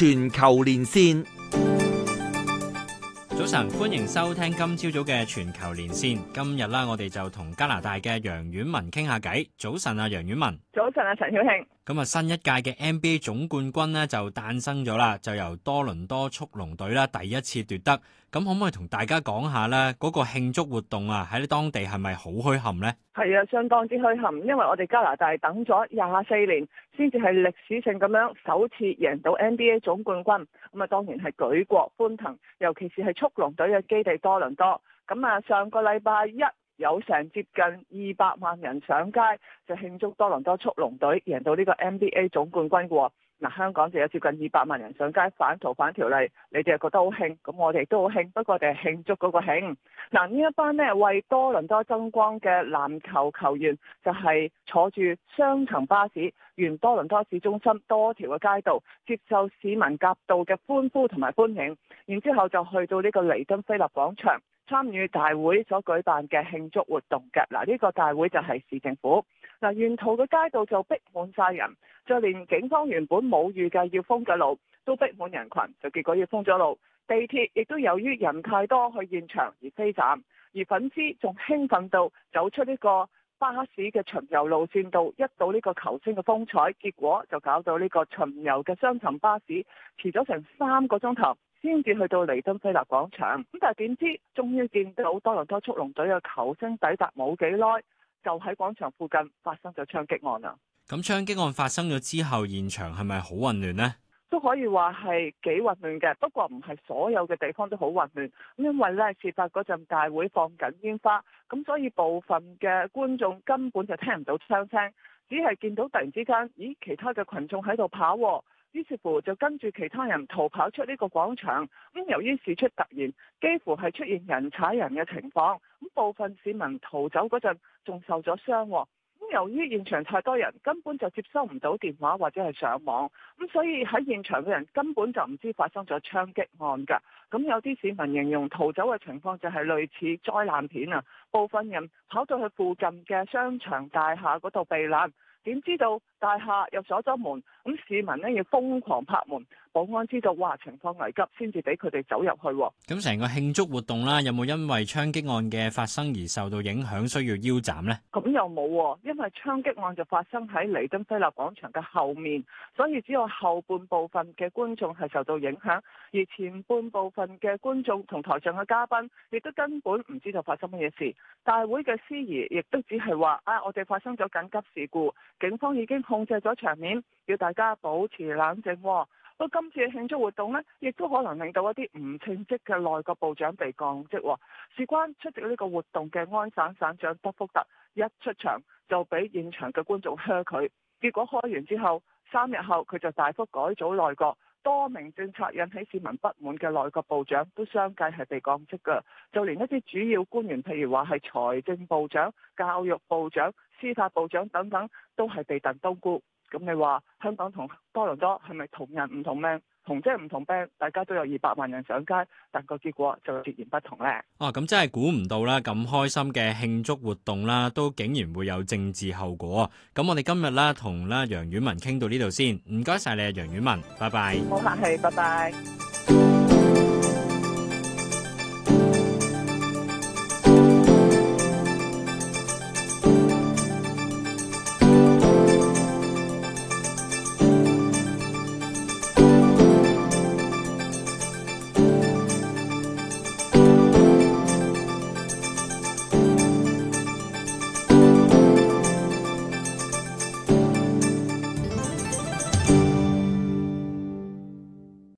全球連線，早晨，歡迎收聽今朝早嘅全球連線。今日啦，我哋就同加拿大嘅楊婉文傾下偈。早晨啊，楊婉文。早晨啊，陳曉慶。咁啊，新一屆嘅 NBA 總冠軍咧就誕生咗啦，就由多倫多速龍隊啦第一次奪得。咁可唔可以同大家講下咧？嗰個慶祝活動啊，喺當地係咪好墟冚咧？係啊，相當之墟冚，因為我哋加拿大等咗廿四年。先至係歷史性咁樣首次贏到 NBA 總冠軍，咁啊當然係舉國歡騰，尤其是係速龍隊嘅基地多倫多，咁啊上個禮拜一有成接近二百萬人上街，就慶祝多倫多速龍隊贏到呢個 NBA 總冠軍喎。嗱，香港就有接近二百萬人上街反逃犯條例，你哋又覺得好慶，咁我哋都好慶，不過我哋係慶祝嗰個慶。嗱、啊，呢一班咧為多倫多爭光嘅籃球球員，就係、是、坐住雙層巴士沿多倫多市中心多條嘅街道，接受市民夾道嘅歡呼同埋歡迎，然之後就去到呢個彌敦菲臘廣場。參與大會所舉辦嘅慶祝活動嘅，嗱，呢個大會就係市政府。嗱，沿途嘅街道就逼滿晒人，就連警方原本冇預計要封嘅路都逼滿人群，就結果要封咗路。地鐵亦都由於人太多去現場而飛站，而粉絲仲興奮到走出呢個巴士嘅巡遊路線度，一睹呢個球星嘅風采，結果就搞到呢個巡遊嘅雙層巴士遲咗成三個鐘頭。先至去到彌敦菲勒廣場，咁但係點知，終於見到多倫多速龍隊嘅球星抵達冇幾耐，就喺廣場附近發生咗槍擊案喇！咁槍擊案發生咗之後，現場係咪好混亂呢？都可以話係幾混亂嘅，不過唔係所有嘅地方都好混亂，因為呢，事發嗰陣大會放緊煙花，咁所以部分嘅觀眾根本就聽唔到槍聲，只係見到突然之間，咦，其他嘅群眾喺度跑啊。於是乎就跟住其他人逃跑出呢個廣場，咁由於事出突然，幾乎係出現人踩人嘅情況，咁部分市民逃走嗰陣仲受咗傷。咁由於現場太多人，根本就接收唔到電話或者係上網，咁所以喺現場嘅人根本就唔知發生咗槍擊案㗎。咁有啲市民形容逃走嘅情況就係類似災難片啊，部分人跑到去附近嘅商場大廈嗰度避難。點知道大廈又鎖咗門，咁市民呢要瘋狂拍門，保安知道哇，情況危急，先至俾佢哋走入去。咁成個慶祝活動啦，有冇因為槍擊案嘅發生而受到影響，需要腰斬呢？咁又冇，因為槍擊案就發生喺彌敦菲臘廣場嘅後面，所以只有後半部分嘅觀眾係受到影響，而前半部分嘅觀眾同台上嘅嘉賓亦都根本唔知道發生乜嘢事。大會嘅司儀亦都只係話啊，我哋發生咗緊急事故。警方已經控制咗場面，要大家保持冷靜。佢、哦、今次嘅慶祝活動呢，亦都可能令到一啲唔稱職嘅內閣部長被降職。哦、事關出席呢個活動嘅安省省長德福特，一出場就俾現場嘅觀眾噓佢，結果開完之後，三日後佢就大幅改組內閣。多名政策引起市民不滿嘅內閣部長都相繼係被降職㗎，就連一啲主要官員譬如話係財政部長、教育部長、司法部長等等，都係被燉冬菇。咁你話香港同多倫多係咪同人唔同命，同即係唔同病？大家都有二百萬人上街，但個結果就截然不同咧。啊！咁真係估唔到啦，咁開心嘅慶祝活動啦，都竟然會有政治後果。咁我哋今日咧同啦楊婉文傾到呢度先，唔該曬你啊，楊婉文，拜拜。唔好客氣，拜拜。